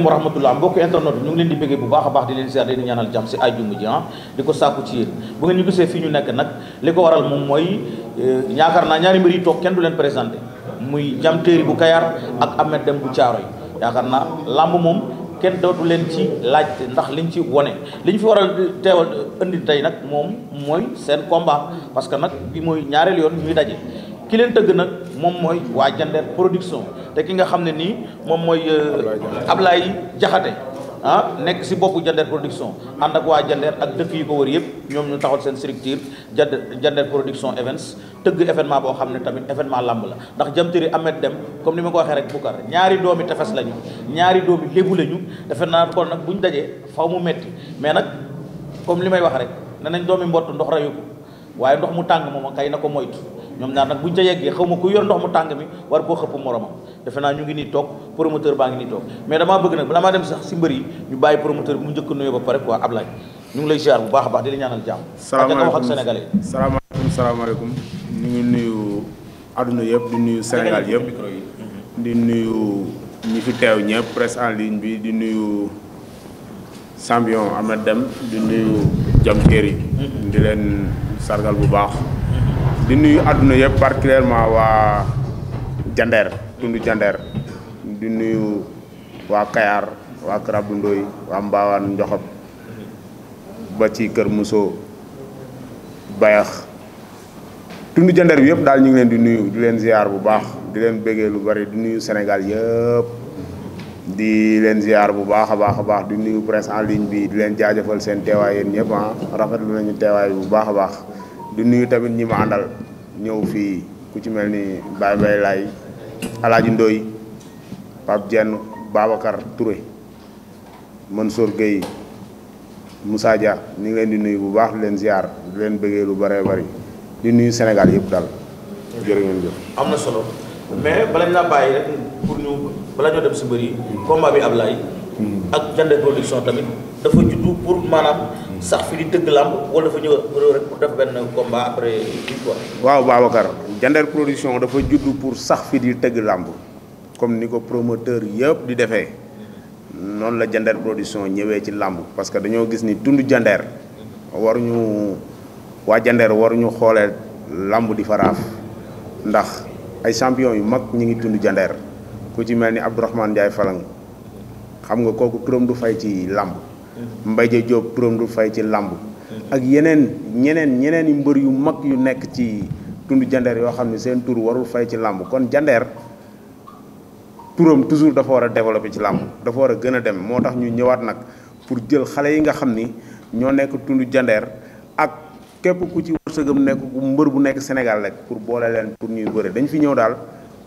asalaamaaleykum wa rahmatullah mbokk internet ñu ngi leen di bëggee bu baax a baax di leen seer di ñaanal jàmm si ajjuma ji ah di ko sàkku ci yéen bu ngeen ñu gisee fii ñu nekk nag li ko waral moom mooy eh, yaakaar naa ñaari mbir yi toog kenn du leen présenté muy Ndiam Terry bu kayaar ak Ahmed Deme bu Thiaroye yaakaar naa làmb moom kenn dootu leen ci laajte ndax liñ ci wone li ñu fi waral teewal indi tey nag moom mooy seen combat parce que nag bi mooy ñaareel yoon ñuy daje ki leen tëgg nag moom mooy waa Jandeer production te ki nga xam ne nii moom mooy ab euh, Ablaye Jaxate ah nekk si bokk Jandeer production ànd ak waa Jandeer ak dëkk yi ko wër yëpp ñoom ñu taxal seen structure Jandeer production events tëgg événement boo xam ne tamit événement làmb la ndax jamtëri Ahmed Dem comme ni ma ko waxee rek Boucar ñaari doomi tefes lañu ñaari doomi lébu lañu defe naa kon nag bu ñu dajee faw mu metti mais nag comme li may wax rek ne nañ doomi mbott ndox rayu waaye ndox mu tàng moom kay na ko moytu ñoom ñaar nag buñ ca yeggee xaw ma ku yor ndox mu tàng mi war koo xëpp moromam defe naa ñu ngi nii toog promoteur baa ngi nii toog mais damaa bëgg nag balaa maa dem sax si mbër yi ñu bàyyi promoteur bi mu njëkk a nuyoo ba pare quoi Ablaye ñu ngi lay ziar bu baax a baax di la ñaanal jàmm. salaamaaleykum ak wax ak sénégalais yi. salaamaaleykum salaamaaleykum ñu ngi nuyu adduna yëpp di nuyu Sénégal yëpp mhm. di nuyu ñi fi teew ñëpp presse en ligne bi di nuyu champion Ahmed Deme di nuyu Jam sargal bu baax di nuyu àdduna yëpp particulièrement waa jandeer tund jandeer di nuyu waa kayaar waa Karabu Ndoy waa mbaawaan njoxob ba ci kër Mousso bayax tund jandeer bi yëpp daal ñu ngi leen di nuyu di leen ziar bu baax di leen bëggee lu bari di nuyu Sénégal yëpp di leen ziar bu baax a baax a baax di nuyu presse en ligne bi di leen jaajëfal seen teewaay yéen ñëpp ah nañu teewaay bu baax a baax di nuyu tamit ñi ma àndal ñëw fii ku ci mel ni Baye Mbaye Laye Alaaji Ndoy Pape Dieng Babacar Touré Mansour Gueye Moussa ngi leen di nuyu bu baax di leen ziar di leen lu bare bëri di nuyu senegal yëpp daal. jërë ngeen am na solo mais bala ñu bàyyi rek pour ñu bala ñoo dem si mbër yi. combat bi ak Jande production tamit dafa juddu pour maanaam. sax fi di dëgg làmb wala dafa waaw Babacar Diender production dafa judd pour sax fi di tëgg làmb comme ni ko promoteur yëpp di defee noonu la Diender production ñëwee ci làmb parce que dañoo gis ni tund Diender waruñu waa Diender waruñu xoolee làmb di faraaf ndax ay champion yu mag ñi ngi tund jandeer ku ci mel ni Abdourahmane Ndiaye Falang xam nga kooku turam du fay ci làmb mbaje Dia Diop turam du fay ci làmb ak yeneen ñeneen ñeneen i mbër yu mag yu nekk ci tund jandeer yoo xam ne seen tur warul fay ci làmb kon jandeer turam toujours dafa war a développer ci làmb dafa war a gën a dem moo tax ñu ñëwaat nag pour jël xale yi nga xam ni ñoo nekk tund jandeer ak képp ku ci wërsëgam nekk ku mbër bu nekk Sénégal rek pour boole leen pour ñuy bëre dañ fi ñëw daal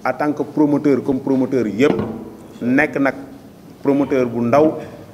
en tant que promoteur comme promoteur yëpp nekk nag promoteur bu ndaw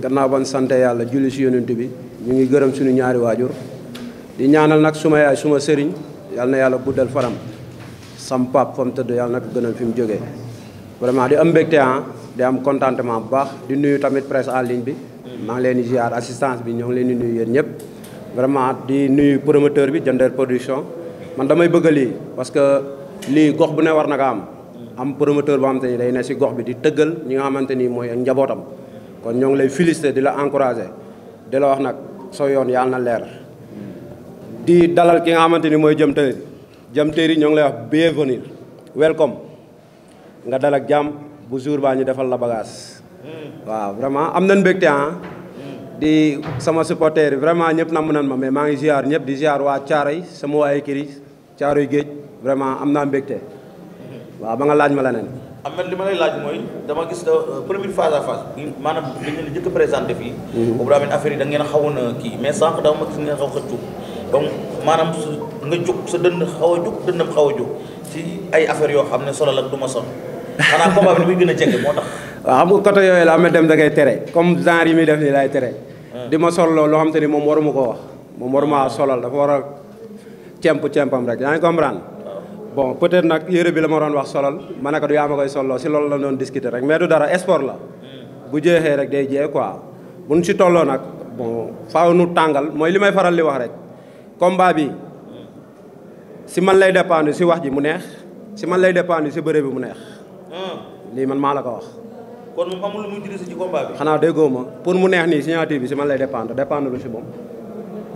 gannaaw ban sante yàlla julli si yonent bi ñu ngi gërëm suñu ñaari waajur di ñaanal nag suma yaay suma sëriñ yàlla na yàlla guddal faram sam pap fa mu tëdd yàlla na gënal fi mu jógee vraiment di am mbégte ah am contentement bu baax di nuyu tamit presse à ligne bi maa ngi leen di ziar assistance bi ñoo ngi leen di nuyu yéen ñëpp vraiment di nuyu promoteur bi Diender Production man damay bëgg lii parce que lii gox bu ne war nag ko am am promoteur boo xamante ni day ne si gox bi di tëggal ñi nga xamante ni mooy njabootam kon ñoo ngi lay féliciter di la encourager di la wax nag soo yoon yàlla na leer di dalal ki nga xamante ni mooy Diam Terry Diam Terry ñoo ngi lay wax bienvenue welcome nga dal ak jàmm bu jour baa ñu defal la bagage waaw vraiment am nañ mbégte ah di sama supporter yi vraiment ñëpp namm nan ma mais maa ngi ziar ñëpp di ziar waa Thiaroye sama waa caaro yi Géej vraiment am naa mbégte waaw ba nga laaj ma la leneen am na li ma lay laaj mooy dama gis da euh, première a à phase maanaam dañ leen jëkk présenté fii mhm. boobu daa mel affaire yi da ngeen xawoon a kii mais sànq dama gis ngeen xaw xëccu donc maanaam nga sa dënn xaw a jóg dënnam xaw a jóg ci ay affaires yoo xam ne solo la du ma sol xanaa combat bi a jege moo tax waaw xam nga côté yooyu la dem da ngay tere comme genre yi muy def nii laay tere hmm. di ma sol loo xam te ni moom waruma ko wax moom waruma solal dafa war a cemp cempam rek yaa ngi comprendre bon peut nag yére bi la ma doon wax solal ma ne ko du yaa koy solloo si loolu la doon discuter rek mais du dara sport la bu jeexee rek day jeex quoi bu ñu si tolloo nag bon faaw nu tàngal mooy li may faral li wax rek combat bi si man lay dépendre si wax ji mu neex si man lay dépendre si bëre bi mu neex ah. lii man maa la ko wax. kon moom amul lu muy dirigé ci combat bi. xanaa déggoo ma pour mu neex nii signature bi si man lay dépendre dépendre lu si moom.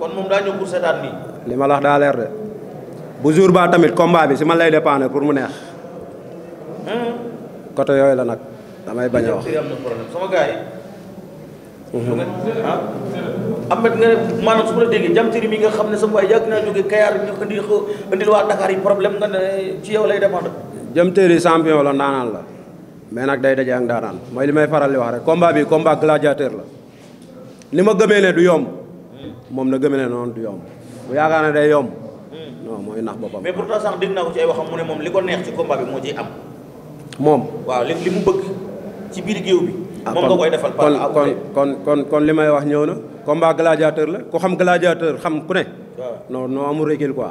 kon moom ma la bu jour baa tamit combat bi si man lay dépanner pour mu neex côté yooyu la nag damay bañ a wax. Mhm. ma la déggee nga xam ne sama waay yàgg naa jóge Kayar ñu indi indil ci yow lay dépendre. jëm téeri champion la ndaanaan la mais nag day daje ak ndaanaan mooy li may faral di wax rek combat bi combat gladiateur la ni ma gëmee ne du yomb moom na gëmee ne noonu du yomb bu yaakaar ne day yomb. non mooy nax boppam. mais pourtant sax dégg naa ko ci ay waxam moom li ko neex ci combat bi moom waaw li li mu bëgg ci biir géew bi. Ah, moom nga koy defal par kon kon kon kon li may wax ñëw na. combat gladiateur la ku xam gladiateur xam ku ne. non non amul recul quoi.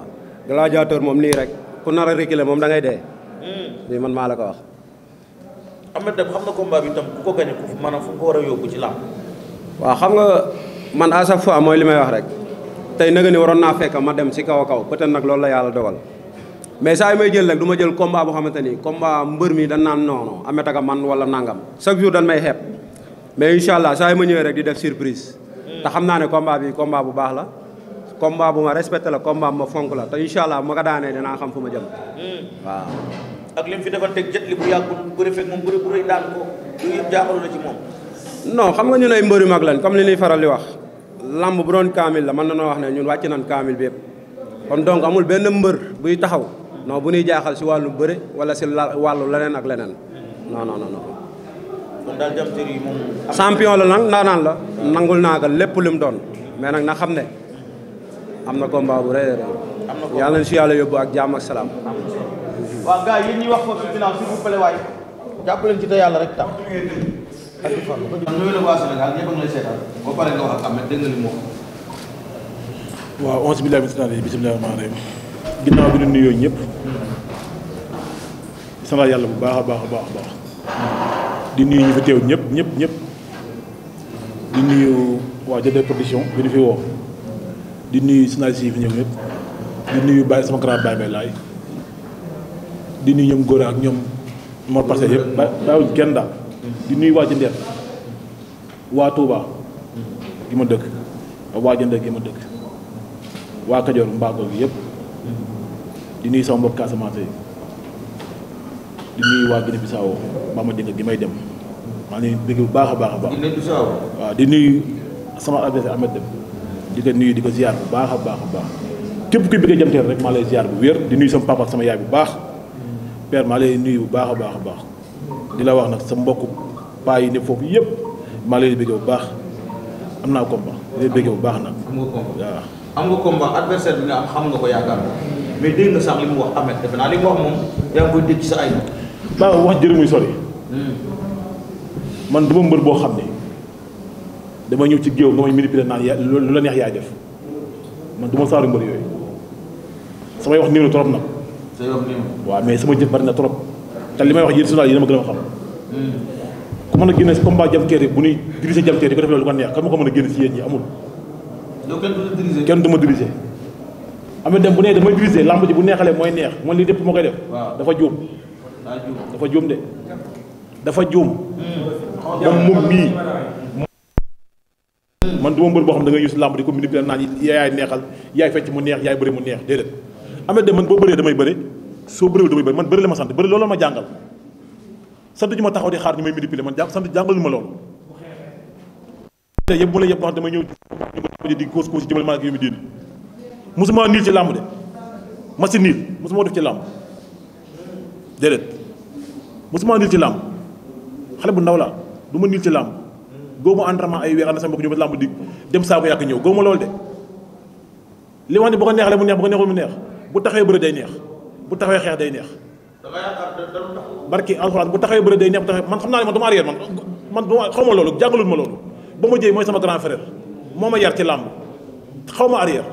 gladiateur moom nii rek ku nar a reculer moom dangay ngay dee. Hmm. lii man maa la ko wax. Ameth Deme xam nga combat bi tam ku ko gañe ku maanaam fu ko war a yóbbu ci làmb. waaw xam nga man à chaque mooy li may wax rek. tey naga ni waroon naa fekk ma dem si kaw a kaw peut nag loolu la yàlla dogal mais saa yi may jël nag du ma jël combat boo xamante ni combat mbër mi dañ naan noono amet ak man wala nangam chaque jour dañ may xeeb mais incha allah saa yi ma ñëwee rek di def surprise te xam naa ne combat bi combat bu baax la combat bu ma respecté la combat bu ma fonk la te incha allah bu ma ko daanee dana xam fu ma jëm waaw. ak li mu fi defal teg jët bu yàggul bu rafet moom xam nga ñu ne mag lañ comme li ñuy faral di wax. làmb bu doon kaamil la mën na noo wax ne ñun wàcc nañ kaamil bi yëpp kon donc amul benn mbër buy taxaw non bu ñuy jaaxal si wàllu bëre wala si wàllu leneen ak leneen non non non. kon daal Diam Terry moom. champion la nag ndaanaan la nangul naa ko lépp lim doon mais nag na xam ne am na combat bu rëy a rëy. am na yàlla na si yàlla yóbbu ak jàmm ak salaam. waaw gars yi ñuy wax foofu si ginnaaw s'il vous plaît waay jàpp leen ci te yàlla rek tax. Aliou Fallou. nuyu na waa Sénégal ñëpp a ngi lay seetaan ba pare nga wax ak Ahmed dégg nga li mu yàlla bu baax a baax a baax a baax di nuyu ñu fi teew ñëpp ñëpp ñëpp di nuyu waa Jodé production bi ñu fi woo di nuyu journalistes yi fi ñëw ñëpp di nuyu Baye sama grand Baye Baye Laay di nuyu ñoom Gora ak ñoom Mor Passé yëpp bàyyiwuñ kenn daal. di nuyu waa Jëndeer waa Touba gi ma dëkk ak waa Jëndeer gi ma dëkk waa Kajoor Mbaakool gi yëpp di nuyu sama mbokk Casamance di nuyu waa Guinée Bissau ba ma dégg gi may dem maa ngi dégg bu baax a baax a baax. waaw di nuyu sama adversaire Ahmed Dem di ko nuyu di ko ziar bu baax a baax a baax képp kuy bëgg Jam Terre rek maa lay ziar bu wér di nuy sama papa sama yaay bu baax père maa lay nuyu bu baax a baax a baax. di la wax nag sa mbokku paa yi ne foofu yëpp maa leen bëggee bu baax am naa combat leen bëggee bu baax nag. am nga waaw. am nga combat adversaire bi nga am xam nga ko yaakaar mais dégg nga sax li mu wax Ameth naa li mu moom yaa ci sa ay. wax jërë muy sori. Hmm. man dama mbër boo xam ne dama ñëw ci géew nga may manipulé naan ya lu la neex yaay def man du ma saaru mbër yooyu samay wax néew trop nag. say waaw mais sama jëf bari na trop. te li may wax yéen journal yi ma gën a xam ku mën a génne combat jam teeri bu ñuy diriger jam teeri di ko def loolu lu ko neex kan ma a génne si yéen ñi amul kenn dama diriger am dem bu nee damay diriger lamb ji bu neexalee mooy neex man lii moo koy def dafa juum dafa juum de dafa juum hmm. moom moom mii boo xam da ngay yus lamb di ko manipulé naan yaay neexal yaay fecc mu neex yaay bëri mu neex déedéet am dem man boo bëree damay bëri soo bëriwul damay bëri man bëri la ma sant bëri loolu ma jàngal sant ñu ma taxaw di xaar ñu may manipuler man jàng sant jàngal ñu ma loolu yëpp mu la yëpp wax damay ñëw di koos koos jëmal maa ak yow mi diin niil ci làmb de ma si niil mosuma def ci làmb déedéet mosuma niil ci làmb xale bu ndaw la du ma niil ci làmb góobu entraînement ay weer ànd sama mbokk ñu ba dem saako yàq ñëw góobu ma loolu de li wax ne bu ko neexalee mu neex bu ko neexul mu neex bu taxawee bëre day neex bu taxawee xeex day neex. barki alxuraan bu taxawee bëre day neex bu taxawee man xam naa ne man du ma man man du xaw ma loolu jàngalul ma loolu ba ma jëy mooy sama grand ci làmb xaw ma arrière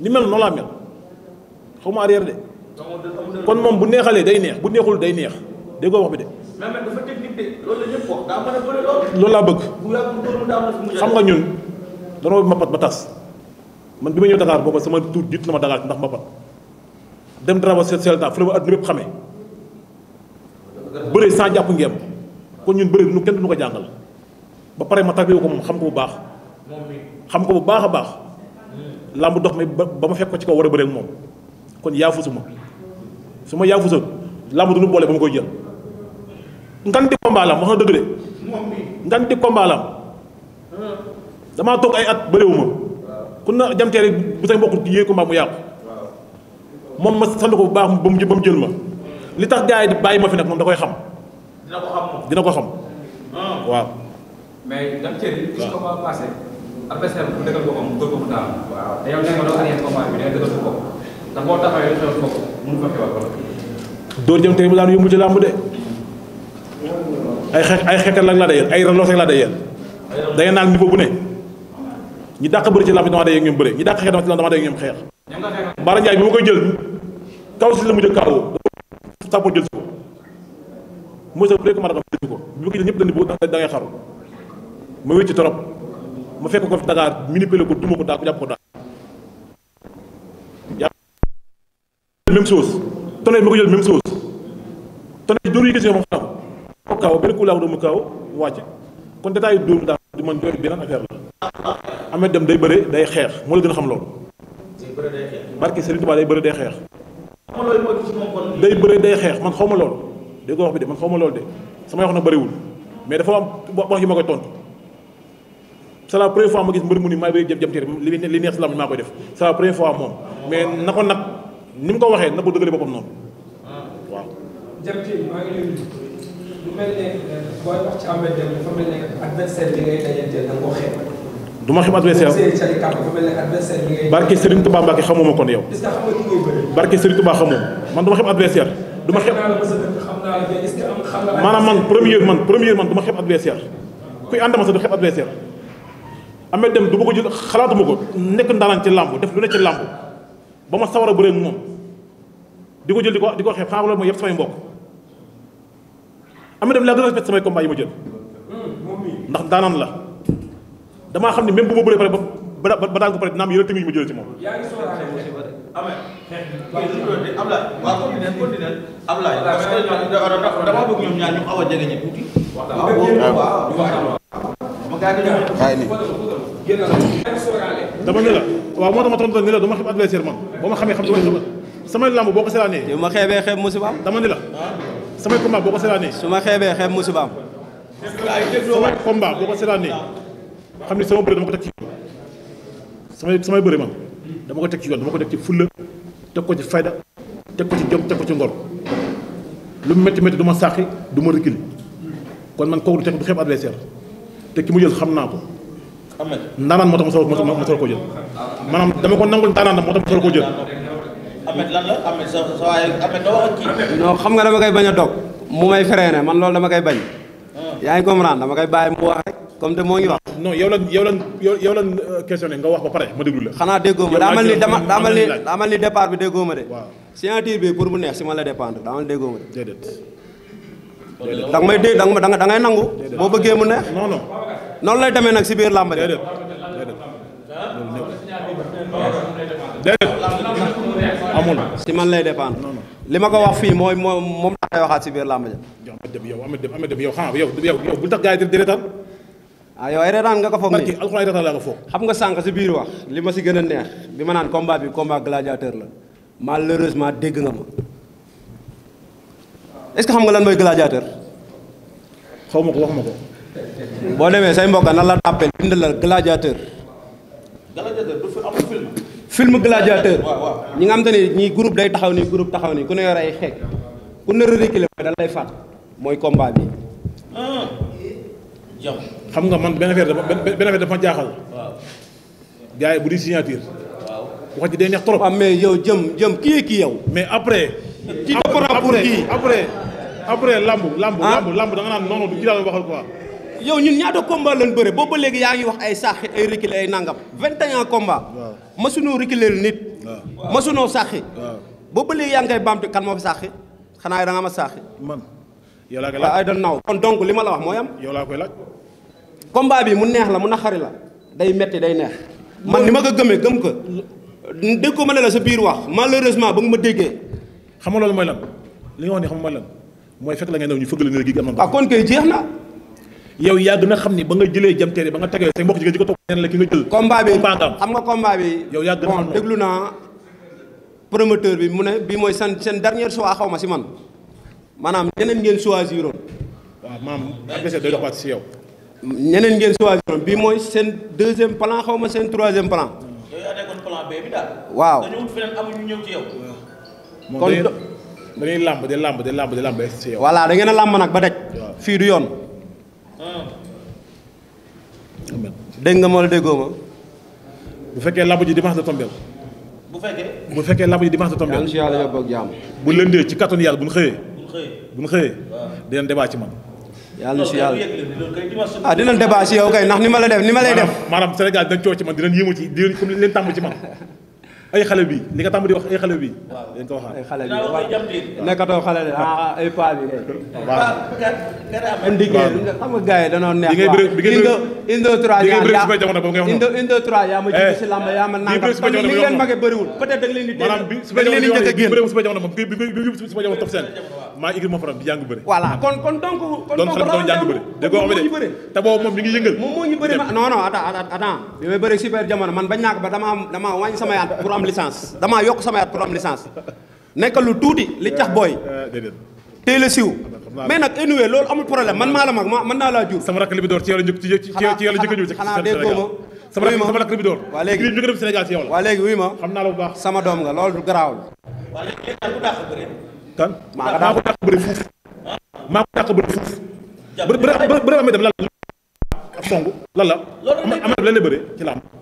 ni mel noonu laa mel xaw de. kon moom bu neexalee day neex bu neexul day neex déggoo wax bi de. loolu laa bëgg. xam nga ñun danoo mbapat ba tas man bi ma ñëw Dakar booba sama tuut jiitu na ma Dakar ndax mbapat dem drapeau Sélta fu la ma adduna bépp xamee bëre sans jàpp ngeem kon ñun bëre nu kenn du ñu ko jàngal ba pare ma tarbiyoo ko moom xam ko bu baax xam ko bu baax a baax làmb dox mi ba ma fekk ko ci kaw war a bëre moom kon yaafusuma su ma yaafusoon làmb du nu boole ba ma koy jël nganti combat lam wax na dëgg de nganti combat lam damaa toog ay at bëréewuma kun na jamteere bu sañ mbokk yéey combat mu yàqu moom ma sant ko bu baax ba mu ba mu jël ma li tax gars yi bàyyi ma fi nag moom da koy xam. dina ko xam moom dina ah. mu dóor ko mu daal. te yow nee nga doo arrière combat bi day dëggal mu de. ay xeex ay xeetal la laa day yel ay raloos laa day yel. da naan niveau bu ne. ñi dàq bëri ci làmb bi dama day ak ñoom bëre ñi dàq xeex dama day ak ñoom xeex. Bara bi ma koy jël. kaw si la mujj a kaaw sàppo jël si ko mooy sa premier commandant jël si ko bi ko jël ñëpp dañu da ngay xaru ma wécc torop ma fekk ko fi Dakar minipele ko duma ko daa ko jàpp ko daa même chose tonnerre ma ko jël même chose tonnerre dóor yi gis nga moom xam benn ku doomu kaaw wàcce kon détail dóor daal di man jooy beneen affaire la Ameth Deme day bëre day xeex moo la gën a xam loolu barke Serigne Touba day bëre day xeex day bëre day xeex man xaw ma lool dégg nga wax bi de man xaw ma lool de samay wax na bëriwul mais dafa am wax yu ma koy tontu c'est la fois gis mbër mu ni li li neex si lam maa koy def c'est la première fois moom mais na ko nag ni mu ko waxee na ko dëgale boppam noonu ah. waaw. du ma xam adversaire barke Serigne Touba Mbacke xamoo ma kon yow. barke Serigne Touba xamoo man du ma xam adversaire du ma xam maanaam man premier man première man du ma xam adversaire kuy ànd ma sax du xam adversaire Ameth dem du ma ko jël xalaatuma ko nekk ndaanaan ci làmb def lu ne ci làmb ba ma sawar a bëree moom di ko jël di ko di ko xeeb la loolu mooy yëpp samay mbokk Ameth Deme laa gën a respect samay combat yi ma jël hmm, ndax ndaanaan la. damaa xam ne même bu ma bëree pare ba ba daan ko pare dina am yeneen technique yu ma jëlee moom. dama bëgg a la waaw moo tax ma tontu ne la dama xeeb adversaire man ma xamee xam ne samay combat boo ko seetaanee. su ma xeebee xeeb musibaam. samay combat boo ko seetaanee. xam ne sama bëre dama ko teg ci yoon samay samay bëre man dama ko teg ci yoon dama ko teg ci fulla teg ko ci fayda teg ko ci jom teg ko ci ngor lu mu métti métti du ma sàqi du ma rikil kon man kooku du teg du xeeb adversaire te ki mu jël xam naa ko ndaanaan moo tax ma soog ma soog koo jël maanaam dama ko nangul ndaanaan moo tax ma soog koo jël Ahmed lan la Ahmed sa sa waay Ahmed doo wax kii non xam nga dama koy bañ a dog mu may freiné man loolu dama koy bañ ah. yaa ngi comprendre dama koy bàyyi mu wax rek comme de moo ngi wax. non yow lan yow lan yow lan euh, questionné nga wax ba pare ma déglu la. xanaa déggoo ma daa mel dama daa mel bi déggoo ma de. waaw signature bi pour mu neex si ma la dépendre daa mel ni déggoo de. déedéet. da nga may dégg da nga da ngay nangu. boo bëggee mu neex. non non. noonu lay demee nag si biir làmb de. déedéet déedéet. si man lay dépendre. li ma ko wax fii mooy moom moom laa koy waxaat si biir làmb ja. yow Amady yow Amady yow xam yow yow bu ah yow ay reetaan nga ko foog nii alxuraan reetaan laa ko foog xam nga sànq si biir wax li ma si gën a neex bi ma naan combat bi combat gladiateur la malheureusement dégg nga ma est-ce que xam nga lan mooy gladiateur xaw ma ko wax ma ko boo demee say mbokk nan la tàppee bind la gladiateur gladiateur du fi am film film gladiateur ñi nga xam te ni ñi groupe day taxaw nii groupe taxaw nii ku ne yor ay xeeg ku ne rerekile mooy da lay fàtt mooy combat bi ah. jam xam nga man benn affaire dafa benn affaire jaaxal. waaw yi bu di signature. waaw wax ji day neex am ah, mais yow jëm jëm kii kii yow. mais après. kii après après lamb lamb ah. lamb lamb da nga naan noonu du ci daal waxal yow ñun ñaata combat lañ bëre ba léegi yaa ngi wax ay saaxi ay reculé ay nangam 21 combat. waaw masunoo reculé nit. waaw masunoo saaxi. waaw boobu ba yaa ngi koy kan moo fi saaxi xanaa da nga ma saaxi. man li ma la wax yow laa koy laaj. combat bi mu neex la mu xari la day metti day neex. man ni ma ko gëmee gëm ko dégg ko ma ne la sa biir wax malheureusement ba nga ma déggee. xam nga loolu mooy lan li nga xam nga mooy mooy fekk la ngay daw ñu fëgg la ne ah, kay jeex na. yow yàgg na xam ni ba nga jëlee jëm teere ba nga tegee say mbokk jigéen ji ko toog neen la ki nga jël. combat bi xam nga combat bi. yow yàgg na xam bon déglu naa promoteur bi mu ne bii mooy seen seen dernière a xaw ma si man maanaam ñeneen ngeen choisiroon. waaw maam adversaire day dox waat si yow. ñeneen ngeen choisir bi mooy seen deuxième plan xaw ma seen troisième plan. yooyu yaa nekkoon plan B bi daal. waaw dañu wut feneen amuñu ñëw ci yow. kon da ngay làmb de làmb de làmb de làmb ci yow. voilà da ngeen a làmb nag ba daj. fii du yoon. Ah. dégg nga ma wala déggoo ma. bu fekkee làmb ji dimanche la tombé. bu fekkee bu fekkee làmb ji dimanche la tombé. incha allah yóbbu ak jàmm. bu lëndee ci kattanu yàlla bu ñu xëyee. bu ñu xëyee. bu ñu xëyee dinañ débat ci man. yàlla si yàlla ah dinañ débat si yow kay ni ma la def ni ma lay def. maanaam Sénégal dañ coow ci man dinañ yéemu ci di comme li leen tàmm ci man. ay xale bi li nga tàmm di wax ay xale bi. waaw dañ ko waxaat ay xale bi nekkatoo xale de ah, ah ay paa bi de. waaw nga xam nga gars yi danoo neex. bi ngay bëri bi ngay bëri indo indo trois yaa ma eh, jiitu si làmb yaa ma nangam. bii bëri li leen mage bëriwul peut-être da nga leen di. maanaam bi su ma jamono bi wax bi su ma jamono moom bi bi bi su ma jamono top seen. maa ngi ma faram di jàng bëri. voilà kon kon donc. kon donc raw jàng bëri dégg nga xam ne te boobu moom mi ngi yëngal. moom moo ñu bëri non non attends attends bi may bëri super jamono man bañ naa ko ba dama am dama wàññi sama yaat am licence damaa yokk samay at pour am licence nekk lu tuuti li cax booy. teel a siiw mais nag anyway loolu amul problème man maa la mag ma mën naa laa jur. sama rakk li bi door ci yow la njëkk ci ci yow la njëkk a ñëw ci xanaa déggoo ma sama rakk sama rakk li bi door waa léegi ñu ngi dem Sénégal ci yow la waa léegi wuy ma xam naa la bu baax sama doom nga loolu du garaaw la waa léegi ku dàq bëri kan maa ko dàq bëri fuuf maa ko dàq bëri fuuf bëri bëri amee dem lan la song lan la am na leneen bëri ci làmb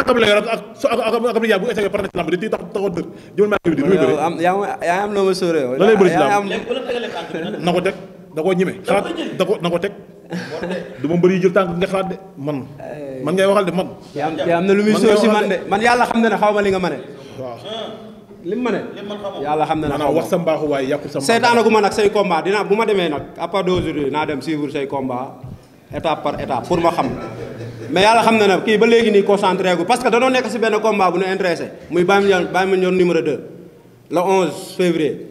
akam la yor ak so ak ak ak bu essayé par exemple di tax taxaw dër jël ma di ruy bëre yaa yaa am loo ma sóoree la lay bëri na ko teg da koo ñime xalaat da ko na ko teg du ma mbëri jël tànk nga xalaat de man man ngay waxal de man yaa am na lu muy sóor si man de man yàlla xam na ne xaw ma li nga mane waaw ah. li mu ma ne yàlla xam na ne maanaam wax sa mbaaxu waaye yàqul sa seytaanagu ma nag say combat dinaa bu ma demee nag à part d'aujourd'hui naa dem suivre say combat étape par étape pour ma xam mais yàlla xam na ne kii ba léegi nii concentré gu parce que danoo nekk si benn combat bu ñu intéressé muy Baye Mandione Baye Mandione numéro 2 février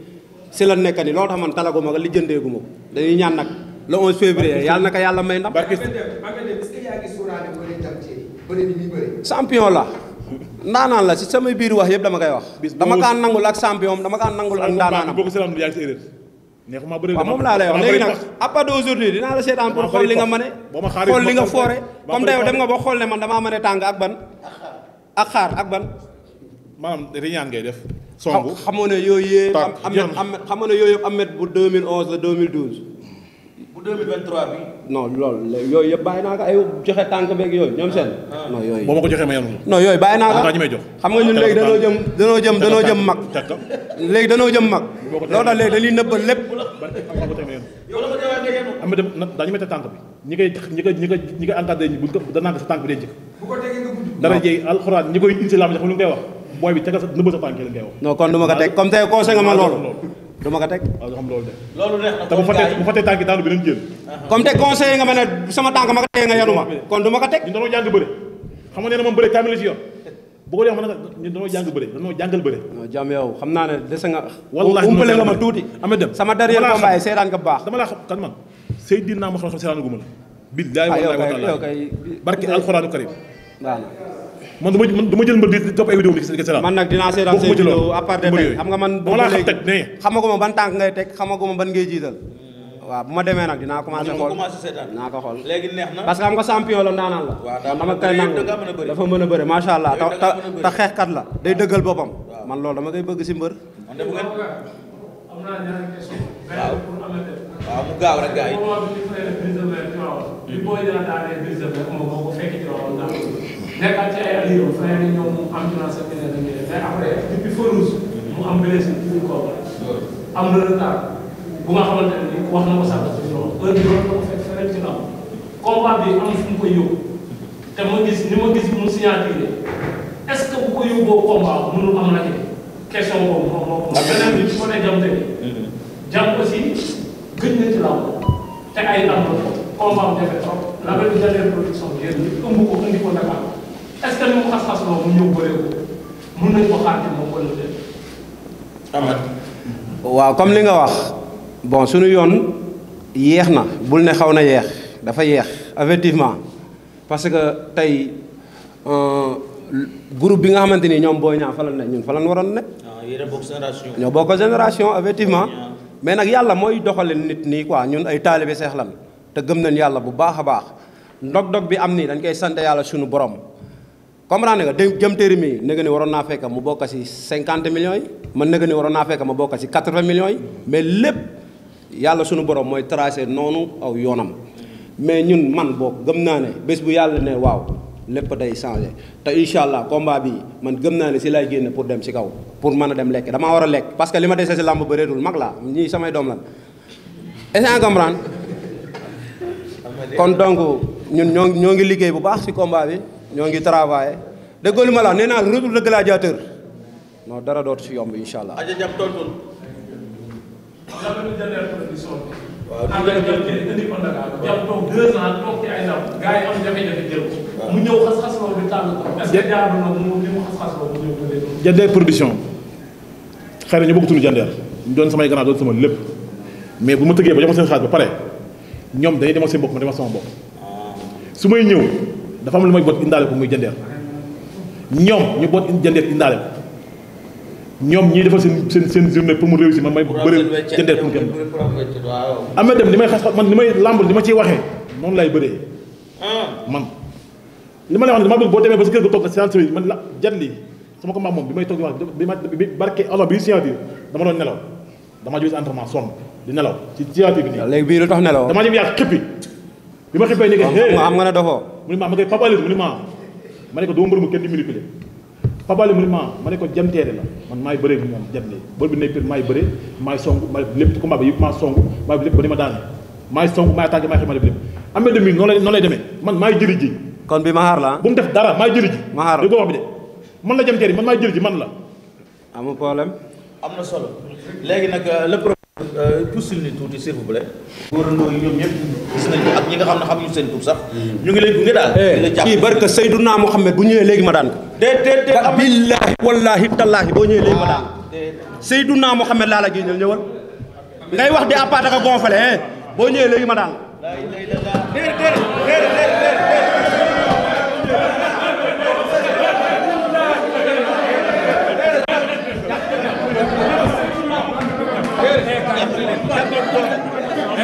si la nekk ni loo tax man talagu ma ko li jëndeegu ma ko dañuy ñaan nag le 11 février yàlla na ko yàlla may ndam. barke champion la ndaanaan la si samay biir wax yëpp dama koy wax. dama kaa nangul ak champion dama kaa nangul ak ndaanaanam. neexuma bëri moom laa lay wax léegi nag à part d'aujourd'hui dinaa la seetaan pour xool li nga mën a xool li nga foore comme tey dem nga ba xool ne man damaa mën a tàng ak ban ak xaar ak ban maanaam riñaan ngay def songu xamoo ne yooyu yëpp am am xamoo ne yooyu yëpp am met bu 2011 la 2012 2023 bi. non loolu yooyu yëpp bàyyi naa ko ay joxe tànk beeg yooyu ñoom seen. Ah. non yooyu boo ma ko joxee ma yoroon. non yooyu bàyyi naa ko xam nga ñun léegi danoo jëm danoo jëm danoo jëm mag. léegi danoo jëm mag. loolu tax léegi dañuy nëbbal lépp. am na dem daañu métti tànk bi ñi koy ñi ñi koy ñi koy encadré buñ ko danaa ko sa tànk bi dee jëkk. bu ko tegee nga gudd. dara jeey alxuraan ñi koy indi si laam xam lu ñu koy wax ko teg comme tey conseil nga ma loolu du ko teg. waaw xam loolu de. loolu neex na te bu fàttee bu fàttee tànk daanu bi jël. comme te conseiller nga ma ne sama tànk ma ko tee nga yanu ma kon du ko teg. ñu doonoo jàng bëre xam nga moom bëre kaamil la ci yoon bu ko defee ma ne ñu doonoo jàng bëre jàmm yow xam naa ne dese nga. wallaahi um-, umpale nga ma tuuti. am na dem sama derrière combat yi seetaan nga bu baax. dama laa xam kan man Seydina ma xam-xam seetaan guma la. billahi ah, wallahi wa taala barki alxuraanu karim man du ma du ma jël mbër di topp ay vidéo di ko nag dinaa seetaan seen vidéo à xam nga man boobu léegi teg ne xamaguma ban ngay teg xamaguma jiital waaw bu ma demee nag dinaa commencé xool dinaa ko xool léegi neex na parce que am nga champion la ndaanaan la dama dafa mën a bëri macha allah te te xeexkat la day dëggal boppam man loolu dama koy bëgg si mbër waaw nekkaat ci ay allure fay na ñoom mu am financé bi ne dañuy def mais après depuis Farouz mu am blessure pour ko am na retard bu nga xamante ne ni wax na ko sax ci loolu heure bi doon na ko fekk feneen ci lamb combat bi am fu mu koy yóbbu te ma gis ni ma gis mu signature est ce que bu ko yóbboo combat mënul am na ci question boobu moom moo ko beneen bi ci côté jam te jam aussi gëj na ci lamb te ay lamb combat am jafe trop la benn dernière production bi yéen ëmb ko indi ko Dakar est-ce que moom waaw comme li nga wax bon suñu yoon yéex na bul ne xaw na yéex dafa yéex effectivement parce que tey euh, groupe bi nga xamante ni ñoom booy ñaa falan ne ñun falan waroon ne. Ah, ñoo bokk génération effectivement ah. mais nag yàlla mooy doxalin nit nii quoi ñun ay taalibe seex lan te gëm nañ yàlla bu baax a baax ndog-ndog bi am nii dañ koy sante yàlla suñu borom. comprendre nga dem jëm téere mi nag ne waroon naa fekk mu bokk si cinquante millions yi man nag ne waroon naa fekk ma bokk si quatre vingt millions yi mais lépp yàlla suñu borom mooy tracé noonu aw yoonam mais ñun man boo gëm naa ne bés bu yàlla ne waaw lépp day changé te incha allah combat bi man gëm naa ne si lay génn pour dem si kaw pour mën a dem lekk damaa war a lekk parce que li ma dese si làmb bëreetul mag laa ñii samay doom la est-ce donc ñun ñoo ñoo ngi liggéey bu baax si combat ñoo ngi travaillé déggoo li ma la nee naa retour de gladiateur non dara dootu si yomb incha allah. aja jàpp tontu. waaw am na indi ko Dakar jàpp mu ñëw xas-xas loolu bi tàll ko est-ce que jaadu mu li mu xas-xas loolu mu ñëw doon samay gannaaw doon sama lépp mais bu ma tëggee ba jox seen xaalis ba pare ñoom dañuy demal seen bopp ma demal sama bopp ah. su may ñëw dafa am lu may boot indaale ko muy jëndeer ñoom ñu boot jëndeer indaale ko ñoom ñuy defal seen seen seen journée pour mu réussir man may bëri jëndeer pour mu kenn am na dem li may xas man li may làmb li ma ciy waxee noonu lay bëree ah. man ma lay wax ne boo demee ba si kër ga toog séance man la jat ko maam moom bi may toog di wax bi ma bi barke alors dama doon nelaw dama jógee si entraînement sonn di nelaw ci signature bi nii léegi bii tax nelaw dama jógee yaa xippi bi ma xippee ni ko am nga ne dofoo mu ne ma ma koy Papa Liss mu ne ma ma ne ko doo mbër mu kenn di manipuler Papa mu ne ma ma ne ko jam la man maay bëree ma lépp combat ma daane maay ma de man maay jëli ji kon bi maxaar la ah? bu mu def dara maay jëli ji maxaar di ko wax bi de man la jam teere man maay jëli man la amul problème am na solo léegi nag euh, tuusil euh, ni tuuti s'il vous plaît góorandoo yi ñoom ñi nga xam ne xamuñu seen tur sax hmm. ñu ngi lay gunge daal eh, kii barka Seydunaa Muhammad bu ñëwee léegi ma daan ko déedéet déet billaahi wallaahi tallaahi boo ñëwee léegi ma daan ah, Seydunaa Muhammad laa la génnal ñëwal ngay wax di appaat ak a gonfale boo ñëwee léegi ma daan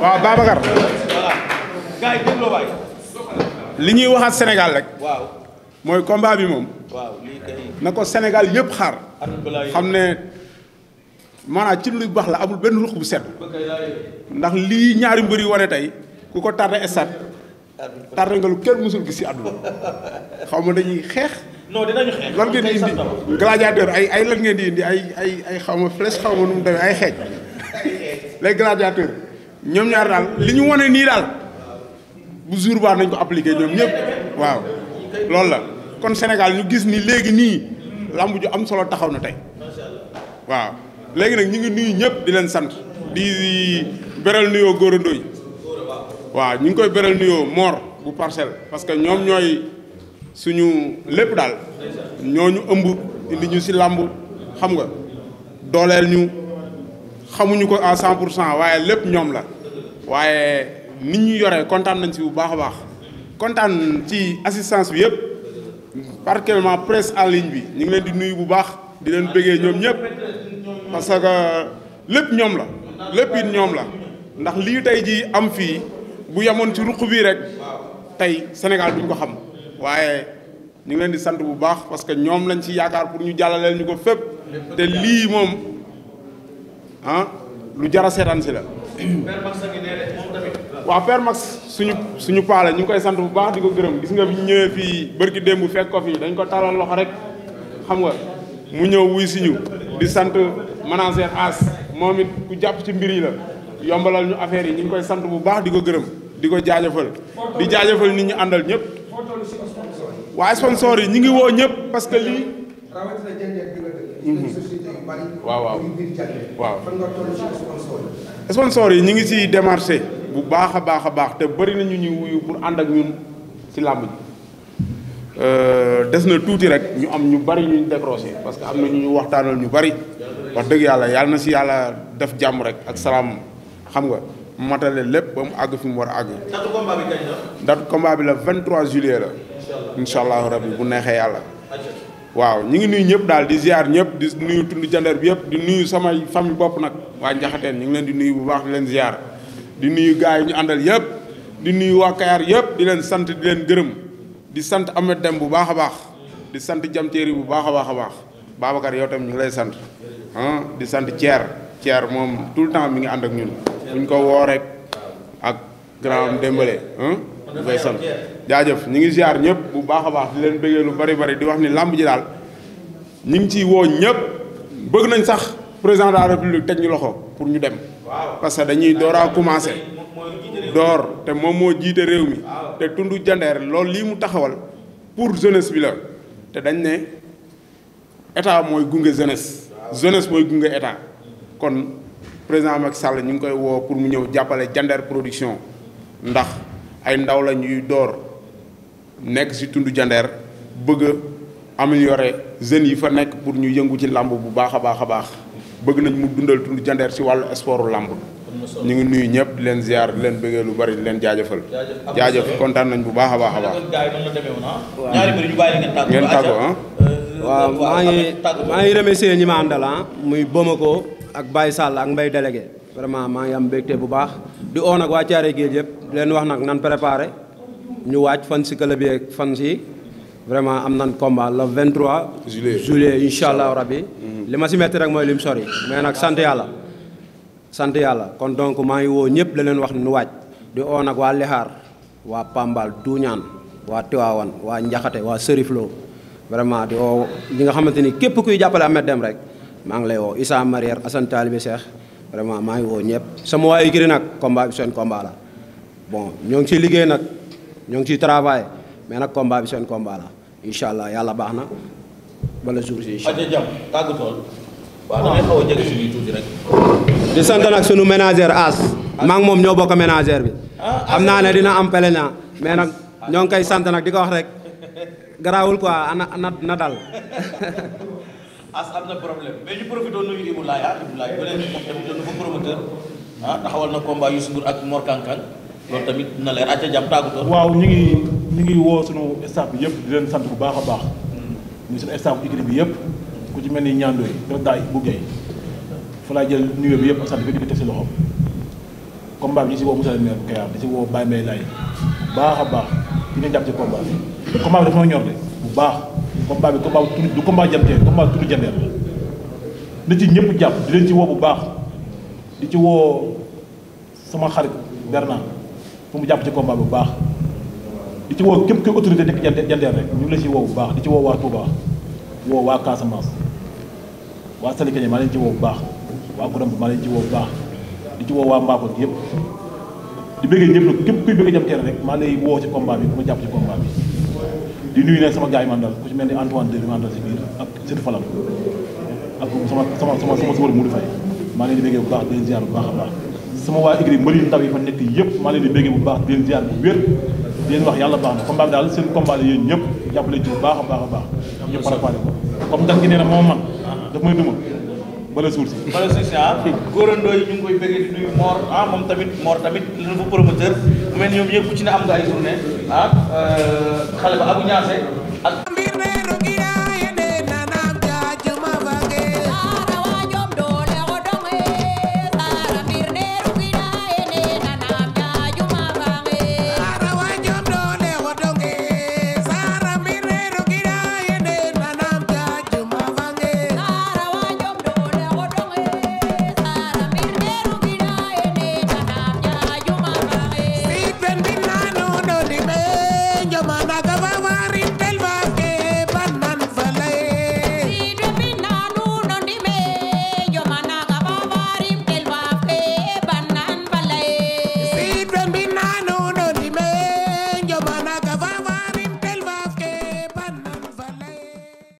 waaw Babacar li ñuy waxaat Sénégal rek waaw mooy combat bi moom na ko Sénégal yëpp xaar xam ne maanaam ci lu baax la amul benn ruq bu set ndax lii ñaari mbër yi wane tey ku ko tardé stade tardé nga lu kenn mësul gis si àdduna xaw ma dañuy xeex. non dinañu xeex lan ngeen di indi gladiateur ay ay lan ngeen indi ay ay ay xaw ma flèche xaw ma nu mu demee ay xeej. les gladiateurs ñoom ñaar daal li ñu wane nii daal bu jour baa nañ ko appliqué ñoom ñëpp waaw. loolu la kon Sénégal ñu gis ni léegi nii lamb ju am solo taxaw na tey waaw léegi nag ñu ngi nuyu ñëpp di leen sant di beral nuyoo góorandoo yi waaw ñu ngi koy beral nuyoo Mor bu parcelle parce que ñoom ñooy suñu lépp daal ñooñu ëmb indi ñu si làmb xam nga dooleel ñu xamuñu ko à cent pour cent waaye lépp ñoom la waaye nit ñu yore kontaan nañ si bu baax a baax kontaan ci assistance bi yëpp particulièrement presse en bi ñu ngi leen di nuyu bu baax di leen bëggee ñoom ñëpp parce que lépp ñoom la lépp ñoom la ndax lii tey ji am fii bu yemoon ci ruq bii rek tey Sénégal duñ ko xam waaye ñu ngi leen di sant bu baax parce que ñoom lañ ci yaakaar pour ñu jàllaleel ñu ko fépp te lii moom ah lu jara seetaan si la waa Père Max suñu suñu paale ñu ngi koy sant bu baax di ko gërëm gis nga bi ñëwee fii bërki démb fekk ko fii dañ ko talal loxo rek xam nga mu ñëw wuy si ñu di sant manager As moom it ku jàpp ci mbir yi la yombalal ñu affaire yi ñu ngi koy sant bu baax di ko gërëm di ko jaajëfal di jaajëfal nit ñu àndal ñëpp waaye sponsor yi ñu ngi woo ñëpp parce que lii mhm. waaw waaw waaw sponsor yi ñu ngi ci démarché bu baax a baax a baax te bari nañu ñu wuyu pour ànd ak ñun ci làmb ji euh, des na tuuti rek ñu am ñu bari ñu décroché parce que am na ñu ñu waxtaanal ñu bari wax dëgg yàlla yàlla na si yàlla def jàmm rek ak salaam xam nga matale lépp ba mu àgg fi mu war a àgg. datu combat bi la. datu combat bi la 23 juillet allah rabbi bu neexee yàlla. waaw ñu ngi nuyu ñëpp daal di ziar ñëpp di nuyu tund jandeer bi yëpp di nuyu samay famille bopp nag waa Njaxateen ñu ngi leen di nuyu bu baax di leen ziar. di nuyu gars yi ñu àndal yëpp di nuyu waa Kayar yëpp di leen sant di leen gërëm di sant Ahmed Dem bu baax a baax di sant jamteeri bu baax a baax a baax Babacar yow tam ñu ngi lay sant ah di sant Thier Thier moom tout le temps mi ngi ànd ak ñun. buñ ko woo rek ak grand Dembélé ñu koy sant jaajëf ñu ngi ziar ñëpp bu baax a baax leen bëggee lu bari bari di wax ni làmb ji daal ñi ngi ciy woo ñëpp bëgg nañ sax président de la république ñu loxo pour ñu dem parce que dañuy dooraa commencé door te moom moo jiite réew mi te tund jandeer loolu lii mu taxawal pour jeunesse bi te dañ ne état mooy gunge jeunesse jeunesse mooy gunge état kon président Macky Sall ñu ngi koy woo pour mu ñëw jàppale Diender production ndax ay ndaw la ñuy door nekk ci tund Diender bëgg a améliorer jeunes yi fa nekk pour ñu yëngu ci làmb bu baax a baax a baax bëgg nañ mu dundal tund Diender ci wàll sportu làmb ñu ngi nuyu ñëpp leen ziar leen bëggee lu bari di leen jaajëfal. jaajëf kontaan nañ bu baax a baax a baax. ñaari mbir ñu ah? euh, waaw maa ngi maa ngi remercier ñi ma àndal ah, muy Bomako. ak Baye Sall ak mbay délégué vraiment maa ngi am mbégte bu baax di oo nag waa Thiaré Géej yëpp leen wax nag nan préparé ñu waaj fan si club yi fan si vraiment am nan combat le 23 juillet incha allah rabi mhm. li ma si metti rek mooy lim sori mais nag sant yàlla sant yàlla kon donc maa ngi woo ñëpp la leen wax nu waaj di oo nag waa Lixaar waa Pambal Duñaan waa Tiwaawan waa Njaxate waa Seriflo vraiment di oo ñi nga xamante ni képp kuy jàppale Ameth Dème rek maa ngi lay woo Issa Marière Assane Talibé vraiment maa ngi woo ñëpp sama waa Ikri nag combat bi seen combat la bon ñoo ngi ciy liggéey nag ñoo ngi ciy travail mais nag combat bi seen combat la allah yàlla baax na bala di sant nag sunu ménagère As. maa moom ñoo bokk ménagère bi. Ah, xam naa ne dina am pelena mais nag ñoo ngi koy sant nag di ko wax rek garaawul quoi na na dal. as am na problème mais ñu profité nuyu Ibou Laye ah Ibou Laye ba tamit doon na fa promoteur ah, taxawal na combat Youssou Ndour ak Mor Kankan loolu tamit na leer àcc jàmm tàggatoo. waaw ñu ngi ñu ngi woo suñu staff bi yëpp di leen sant bu baax a baax. Hmm. ñu sunu staff équipe bi yëpp ku ci mel ni ñaandoo yi dafa daay bu laa jël nuyoo bi yëpp ak sant bi di teg si loxoom. combat bi ñu si woo Moussa Maire Kayar di si woo Baye Mbaye Laye baax a baax di nga jàpp ci combat bi. bi dafa ñor de bu baax. combat bi combat bu du combat jamteer combat turu jandeer la na ci ñëpp jàpp di leen ci woo bu baax di ci woo sama xarit Bernard fu mu jàpp ci combat bi bu baax di ci woo képp kuy autorité nekk jandeer rek ñu ngi la ci woo bu baax di ci woo waa Touba woo waa Casamance waa Salikañe maa leen ci woo bu baax waa Gorom maa leen ci woo bu baax di ci woo waa Mbakon yëpp di bëggee ñëpp nag képp kuy bëgg jamteer rek maa lay woo ci combat bi bu ma jàpp ci combat bi di nuyu nag sama gars yi ma àndal ku ci mel ni Antoine Deri ma àndal si biir ak Seydou Falal ak sama sama sama sama sama Modou Faye maa leen di bu baax di leen ziar bu a baax sama fa nekk yëpp maa di béggee bu baax di leen ziar bu wér di leen wax yàlla baax na combat bi daal seen combat la yéen ñëpp jàppale baax a baax a baax ñëpp préparé ko ndax gi nee na moo man daf may duma bala suul si bala suul si ah góorandoo yi ñu ngi koy bëggee di nuyu Mor ah moom tamit Mor tamit lana fa promoteur mu mel ñoom yëpp ku ci ne am nga ay journée ah euh, xale ba Abou Niassé ak